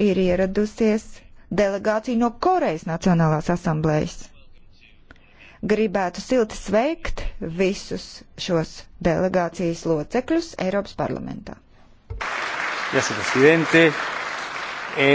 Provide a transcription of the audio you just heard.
ir ieradusies delegācija no Korejas Nacionālās asamblējas. Gribētu silti sveikt visus šos delegācijas locekļus Eiropas parlamentā. Yes,